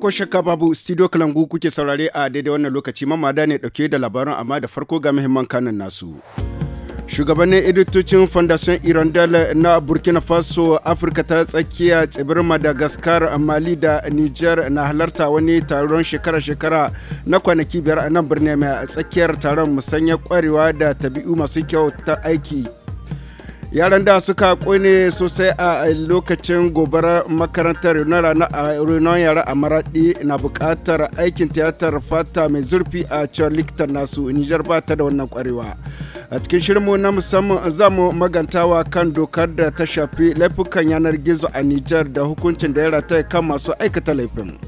Ko shakka babu studio kalangu kuke saurare a daidai wannan lokaci mamada ne dauke da labaran amma da farko ga muhimman kanan nasu. shugabannin editocin fondation irondel na burkina faso afirka ta tsakiya tsibirin madagascar mali da niger na halarta wani taron shekara-shekara na kwanaki biyar a nan birni mai tsakiyar taron musanya kwarewa da tabi'u masu kyau ta aiki yaran da suka kone sosai a lokacin gobarar makarantar renon yara a maradi na bukatar aikin tiyatar fata mai zurfi a cewar likitan nasu nijar ba ta da wannan kwarewa a cikin shirinmu na musamman za mu magantawa kan dokar da ta shafi laifukan yanar gizo a nijar da hukuncin da ya rataya kan masu aikata laifin.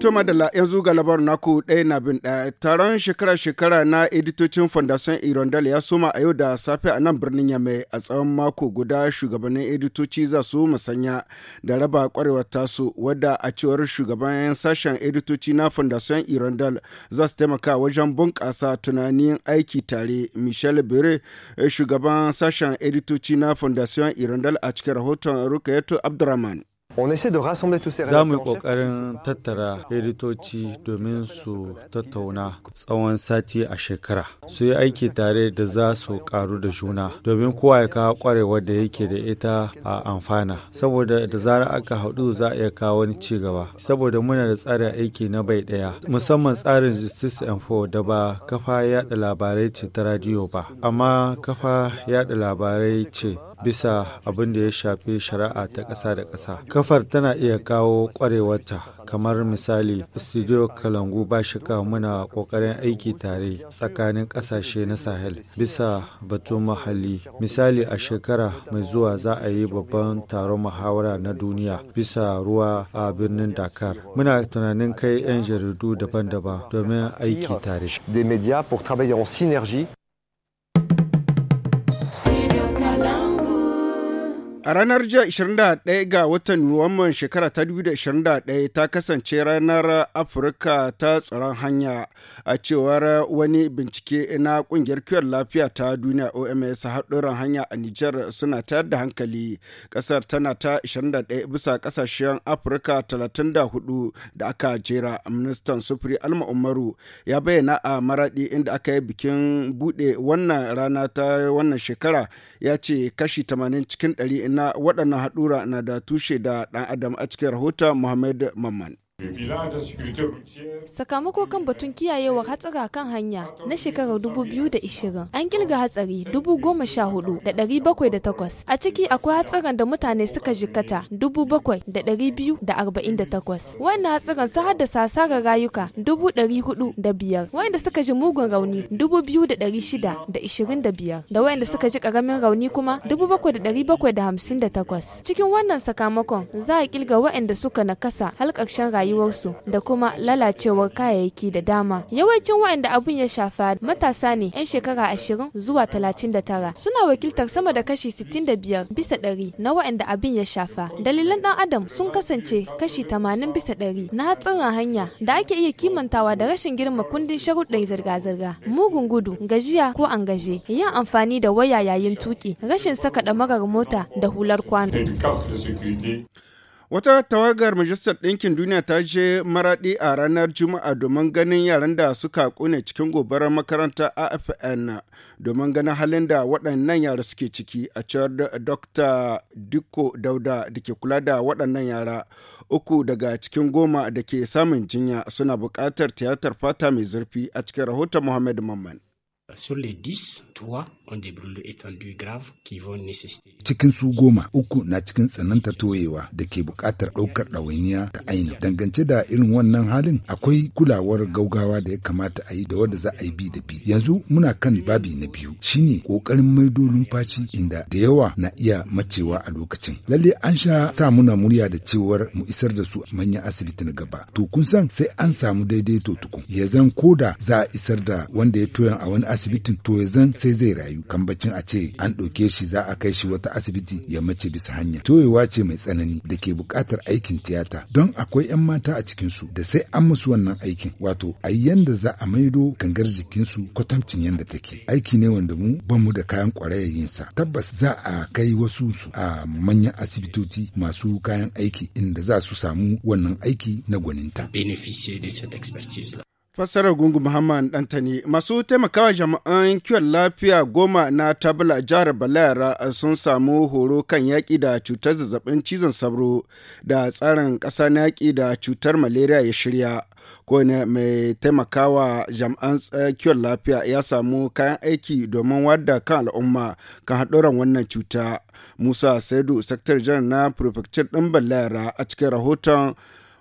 toma da yanzu ga labarin naku ɗaya na bin ɗaya. Taron shekara-shekara na editocin Fondation Irondale ya soma a yau da safe a nan birnin Yamai a tsawon mako guda shugabannin editoci za su musanya da raba kwarewar tasu wadda a cewar shugaban sashen editoci na Fondation Irondale za su taimaka wajen bunƙasa tunanin aiki tare. Michel Bere eh, shugaban sashen editoci na Fondation Irondale a cikin rahoton Rukayetu Abdurrahman. Za mu yi ƙoƙarin tattara editoci domin su tattauna tsawon sati a shekara, su yi aiki tare da za su ƙaru da juna, domin kowa ya kawo ƙwarewar da yake da ita a amfana. Saboda da zarar aka haɗu za a iya kawo wani ci gaba, saboda muna da tsarin aiki na bai ɗaya, musamman tsarin Justice and da ba kafa yaɗa labarai ce ta radiyo ba, amma kafa yaɗa labarai ce bisa abin da ya shafi shari'a ta ƙasa da ƙasa. Kafar tana iya kawo ƙwarewarta kamar misali studio Kalangu ba shika muna ƙoƙarin aiki tare tsakanin ƙasashe na Sahel bisa batun mahalli. Misali a shekara mai zuwa za a yi babban taron muhawara na duniya bisa ruwa a birnin Dakar. Muna tunanin kai 'yan jaridu daban-daban domin aiki tare. A ranar jiya 21 ga watan Nuwamban shekara ta 2021 ta kasance ranar Afirka ta tsaron hanya a cewar wani bincike na kungiyar kiwon lafiya ta duniya OMS haɗuran hanya a Nijar suna tayar da hankali. Ƙasar tana ta 21 bisa ƙasashen Afirka 34 da aka jera. Ministan Sufuri Alma Umaru ya bayyana a maraɗi inda aka yi bikin buɗe wannan rana ta wannan shekara ya ce kashi 80 cikin 100 na waɗannan haɗura na da tushe da ɗan adam a cikin rahoton Muhammad Mamman. Sakamako kan batun kiyayewar hatsara kan hanya na shekarar 2020 an kilga hatsari 14,708 a ciki akwai hatsaran da mutane suka jikata 7,248 wannan hatsaran sun haddasa asarar rayuka 405 wayanda suka ji mugun rauni 2,625 da wayanda suka ji karamin rauni kuma 7,758 cikin wannan sakamakon za a kilga wa'anda suka na har ƙarshen rayuwa rayuwarsu da kuma lalacewar kayayyaki da dama. Yawancin waɗanda abin ya shafa matasa ne 'yan shekara ashirin zuwa talatin da tara suna wakiltar sama da kashi sittin da biyar bisa ɗari na waɗanda abin ya shafa. Dalilan ɗan adam sun kasance kashi tamanin bisa ɗari na hatsarin hanya da ake iya kimantawa da rashin girma kundin sharuɗin zirga-zirga, mugun gudu, gajiya ko an gaje, yin amfani da waya yayin tuki, rashin saka ɗamarar mota da hular kwano. Wata tawagar Majalisar Ɗinkin Duniya ta je maraɗi a ranar Juma'a domin ganin yaran da suka kone cikin gobarar makaranta AFN domin ganin halin da waɗannan yara suke ciki a cewar Dr. Diko Dauda da ke kula da waɗannan yara. Uku daga cikin goma da ke samun jinya suna buƙatar tiyatar fata mai zurfi a cikin rahoton Muhammad Mamman. Euh, sur les 10, 3 ont des brûlures étendues graves qui vont nécessiter. Cikin su goma uku na cikin tsanantar toyewa da ke buƙatar ɗaukar ɗawainiya ta aina Dangance da irin wannan halin akwai kulawar gaugawa da ya kamata a yi da wadda za a yi bi da bi. Yanzu muna kan babi na biyu shine ƙoƙarin maido numfashi inda da yawa na iya macewa a lokacin. Lalle an sha sa muna murya da cewar mu isar da su manyan asibiti na gaba. To kun san sai an samu daidaito tukun. Ya zan koda za a isar da wanda ya toyan a wani asibiti asibitin to zan sai zai rayu kan bacin a ce an ɗauke shi za a kai shi wata asibiti ya mace bisa hanya toyewa ce mai tsanani da ke buƙatar aikin tiyata don akwai 'yan mata a cikinsu da sai an musu wannan aikin wato a yanda za a maido gangar jikinsu kwatamcin yanda take aiki ne wanda mu mu da kayan ƙwarayayin sa tabbas za a kai wasu su a manyan asibitoci masu kayan aiki inda za su samu wannan aiki na gwaninta. Fassarar Gungu Muhammad Dantani masu taimakawa jama'an kiwon lafiya goma na tabla jihar Balayara sun samu horo kan yaƙi da cutar zazzabin cizon sauro da tsarin ƙasa na yaƙi da cutar malaria ya shirya. ne mai taimakawa jama'an kiwon lafiya ya samu kayan aiki domin wadda kan al'umma kan haɗuran wannan cuta. Musa Saidu, Sektar Janar na Prefecture ɗin Balayara a cikin rahoton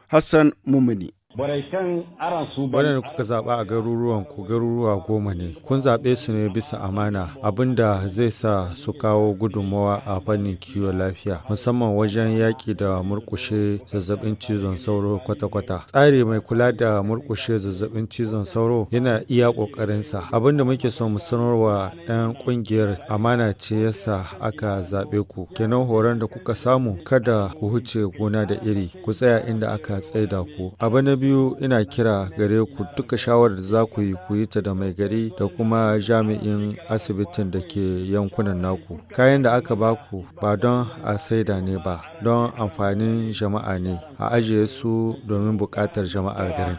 Hassan Mumini. Waɗanda kuka zaɓa a garuruwan ku garuruwa goma ne, kun zaɓe su ne bisa amana Abinda zai sa su kawo gudunmawa a fannin kiwon lafiya musamman wajen yaƙi da murƙushe zazzabin cizon sauro kwata-kwata. Tsari mai kula da murƙushe zazzabin cizon sauro yana iya ƙoƙarinsa. Abin da muke son mu sanarwa 'yan ƙungiyar amana ce yasa aka zaɓe ku. Kenan horon da kuka samu kada ku huce gona da iri, ku tsaya inda aka tsaida ku. Abu na biyu biyu ina kira gare ku duka shawarar da za ku yi ku yi ta da mai gari da kuma jami'in asibitin da ke yankunan naku. Kayan da aka baku ba don a saida ne ba, don amfanin jama'a ne, a ajiye su domin buƙatar jama'ar garin.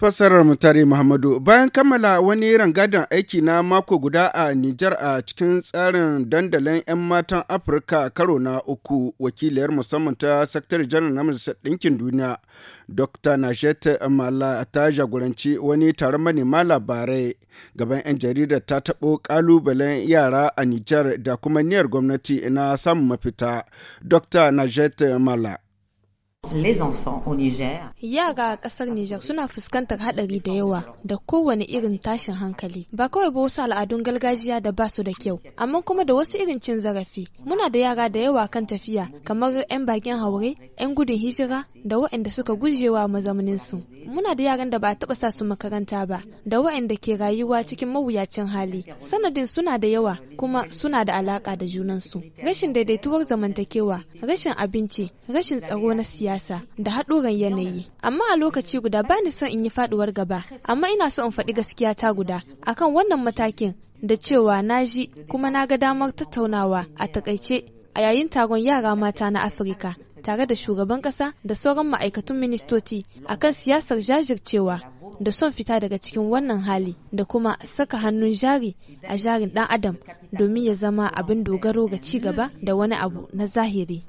Fassarar Mutare Muhammadu bayan kammala wani rangadan aiki na mako guda a Nijar a cikin tsarin dandalin 'yan matan Afirka karo na uku wakiliyar musamman ta Sakatare Janar na Majalisar Ɗinkin Duniya Dr. najet Mala ta jagoranci wani taron manema labarai gaban 'yan jaridar ta taɓo ƙalubalen yara a Nijar da kuma niyyar gwamnati na samun mafita. Dr. Najet Mala. Yara a ƙasar Nijar suna fuskantar haɗari da yawa da kowane irin tashin hankali. Ba kawai ba wasu al'adun gargajiya da ba su da kyau, amma kuma da wasu irin cin zarafi. Muna da yara da yawa kan tafiya, kamar 'yan bakin haure, 'yan gudun hijira da waɗanda suka gujewa mazamaninsu. Muna da yaran da ba a taɓa sa su makaranta ba, da waɗanda ke rayuwa cikin mawuyacin hali. Sanadin suna da yawa kuma suna da alaƙa da junansu. Rashin daidaituwar zamantakewa, rashin abinci, rashin tsaro na siyasa, da haɗuran yanayi. Amma a lokaci guda ba ni son in yi faɗuwar gaba, amma ina so in faɗi gaskiya ta guda akan wannan matakin da cewa na ji kuma na ga damar tattaunawa a takaice a yayin taron yara mata na Afirka tare da shugaban kasa da sauran ma'aikatun ministoci kan siyasar jajircewa da son fita daga cikin wannan hali da kuma saka hannun jari a jarin dan adam domin ya zama abin dogaro ga ci gaba da wani abu na zahiri.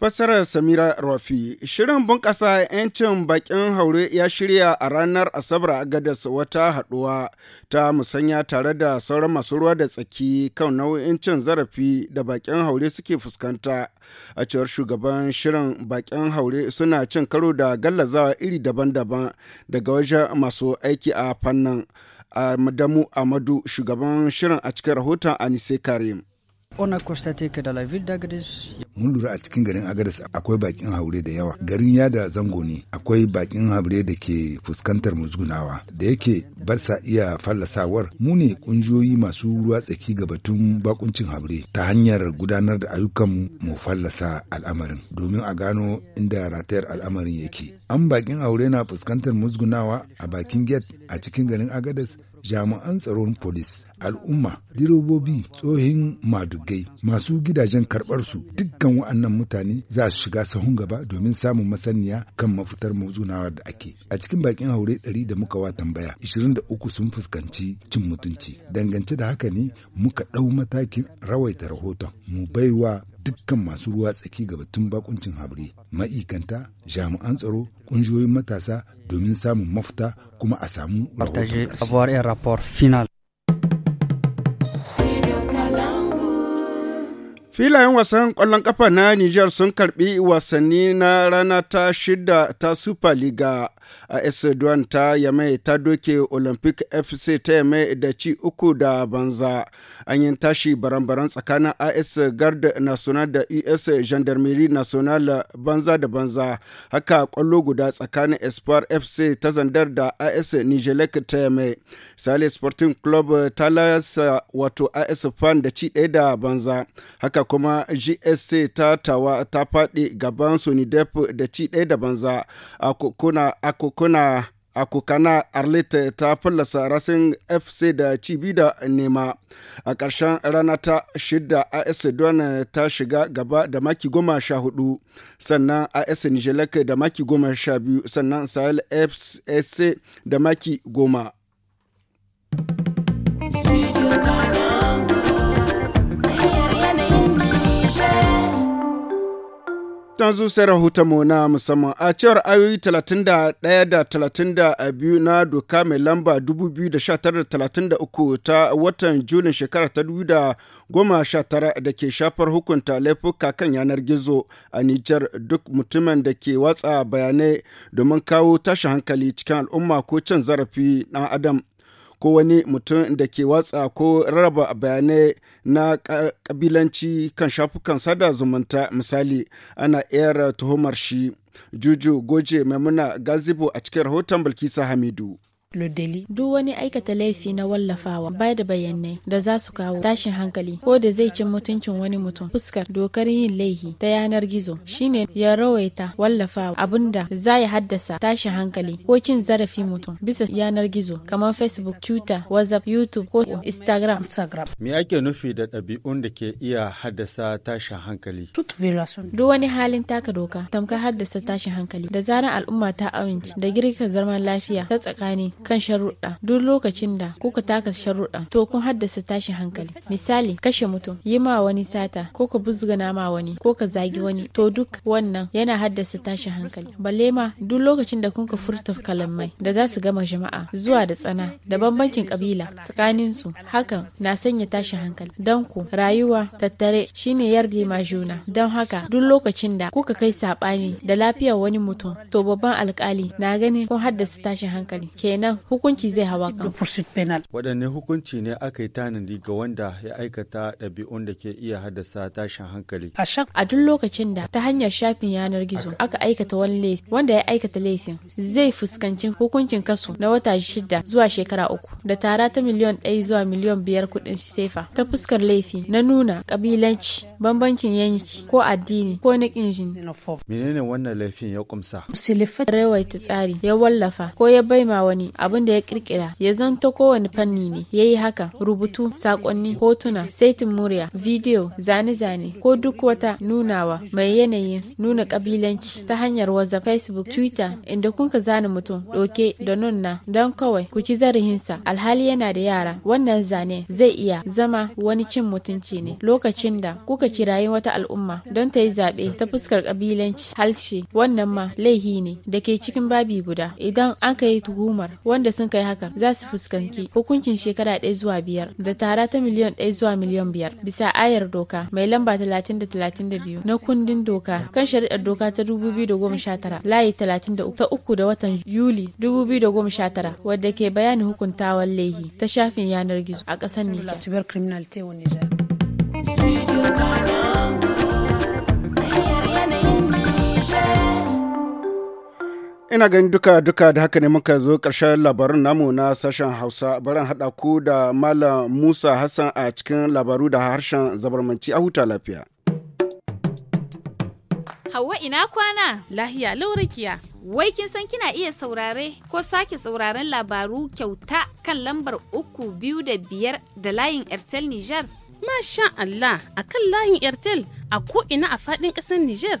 Fassarar Samira Rafi Shirin bunƙasa 'yancin baƙin haure ya shirya a ranar Asabar a Gadas wata haɗuwa ta musanya tare da sauran masu ruwa da tsaki kan nau'in cin zarafi da baƙin haure suke fuskanta. A cewar shugaban shirin baƙin haure suna cin karo da gallazawa iri daban-daban daga wajen masu aiki a fannin. Madamu Amadu shugaban shirin a cikin rahoton Anise Karim. On a constaté da la ville Mun lura a cikin garin agadis akwai bakin haure da yawa. Garin ya da zango ne akwai bakin haure da ke fuskantar muzgunawa Da yake barsa iya fallasawar mu ne kungiyoyi masu ruwa tsaki ga batun bakuncin haure ta hanyar gudanar da ayyukan mu fallasa al'amarin domin a gano inda ratayar al'amarin yake. An bakin haure na fuskantar muzgunawa a bakin gate a cikin garin agadis. jami'an tsaron polis al'umma direbobi tsohin madugai masu gidajen karɓarsu dukkan wa'annan mutane za su shiga sahun gaba domin samun masaniya kan mafitar mazunawa da ake a cikin bakin haure 100 da muka wa tambaya 23 sun fuskanci cin mutunci dangance da haka ne muka ɗau matakin rawaita rahoton mu baiwa dukkan masu ruwa tsaki ga batun bakuncin habre ma'ikanta jami'an tsaro ƙungiyoyin matasa domin samun mafita kuma a samu rahoton final Filayen wasan ƙwallon ƙafa na Nijar sun karbi wasanni na rana ta shida ta Super Liga a Esedwan ta Yamai ta doke Olympic FC ta Yamai da ci uku da banza. An yi tashi baran-baran tsakanin AS Garde National da US Gendarmerie National banza da banza. Haka ƙwallo guda tsakanin Espoir FC ta zandar da AS Nijelek ta Yamai. Sale Sporting Club ta lasa wato AS Fan da ci ɗaya da banza. Haka kuma gsc ta tawa ta faɗi gaban dep da ci ɗaya da banza a kukuna a kokana arlita ta fallasa rasin fc da cibi da nema a ƙarshen rana ta shida as don ta shiga gaba da maki goma sha hudu sannan as nijelek da maki goma sha biyu sannan sahel fc da maki goma yanzu sai rahoton mu na musamman a cewar ayoyi 31 da 32 na doka mai lamba 2019 ta watan Julin shekara ta 2019 da ke shafar hukunta laifuka kan yanar gizo a Nijar duk mutumin da ke watsa bayanai domin kawo tashin hankali cikin al'umma ko cin zarafi ɗan adam ko wani mutum da ke watsa ko rarraba bayanai na kabilanci kan shafukan sada zumunta misali ana iya tuhumar shi juju goje maimuna gazibo a cikin rahoton bilkisa hamidu Ludeli duk wani aikata laifi na wallafawa ba da bayanai da za su kawo tashin hankali ko da zai cin mutuncin wani mutum fuskar dokar yin laifi ta yanar gizo shine ya rawaita wallafawa abinda za ya haddasa tashin hankali ko cin zarafi mutum bisa yanar gizo kamar Facebook, Twitter, WhatsApp, YouTube ko Instagram. Me ake nufi da ɗabi'un da ke iya haddasa tashin hankali? Duk wani halin taka doka tamka haddasa tashin hankali da zarar al'umma ta amince da girka zaman lafiya ta tsakani kan sharuɗa duk lokacin da kuka taka sharuɗa to kun haddasa tashi hankali misali kashe mutum yi ma wani sata ko ka buzgana nama wani ko ka zagi wani to duk wannan yana haddasa tashi hankali balle ma duk lokacin da kun ka furta kalamai da za su gama jama'a zuwa da tsana da bambancin kabila tsakanin su hakan na sanya tashi hankali don ku rayuwa tattare shine yarda ma juna don haka duk lokacin da kuka kai saɓani da lafiyar wani mutum to babban alkali na ganin kun haddasa tashin hankali kenan kenan hukunci zai hawa kan waɗanne hukunci ne aka yi tanadi ga wanda ya aikata ɗabi'un da ke iya haddasa tashin hankali a duk lokacin da ta hanyar shafin yanar gizo aka aikata wani laifi wanda ya aikata laifin zai fuskanci hukuncin kaso na wata shida zuwa shekara uku da tara ta miliyon ɗaya zuwa miliyon biyar kuɗin sefa ta fuskar laifi na nuna ƙabilanci bambancin yanki ko addini ko na ƙin menene wannan laifin ya kumsa ta tsari ya wallafa ko ya bai ma wani abin da ya kirkira ya zanto kowane fanni ne ya yi haka rubutu sakonni hotuna saitin murya bidiyo zane-zane ko duk wata nunawa mai yanayin nuna kabilanci ta hanyar waza facebook twitter inda kunka zane mutum doke da nunna don kawai ku ci zarihinsa alhali yana da yara wannan zane zai iya zama wani cin mutunci ne lokacin da kuka kirayi wata al'umma don ta yi zaɓe ta fuskar kabilanci halshe wannan ma laihi ne da ke cikin babi guda idan aka yi tuhumar wanda sun kai haka za su fuskanci hukuncin shekara ɗaya zuwa biyar da tara ta miliyan ɗaya zuwa miliyan biyar bisa ayar doka mai lamba talatin da talatin da biyu na kundin doka kan shari'ar doka ta dubu biyu da goma sha tara layi talatin da uku ta uku da watan yuli dubu biyu da goma sha tara wadda ke bayani hukuntawan laihi ta shafin yanar gizo a ƙasar Nijar. Ina ganin duka duka da haka ne muka zo karshen labarun namu na sashen Hausa barin haɗa ku da Malam Musa Hassan a cikin labaru da harshen zabarmanci a huta lafiya. Hauwa ina kwana? Lahiya laurakiya. Wai kin san kina iya saurare ko sake sauraren labaru kyauta kan lambar uku biyu da biyar da layin Airtel Niger? Masha Allah a kan layin Airtel a ko ina a faɗin ƙasar Niger.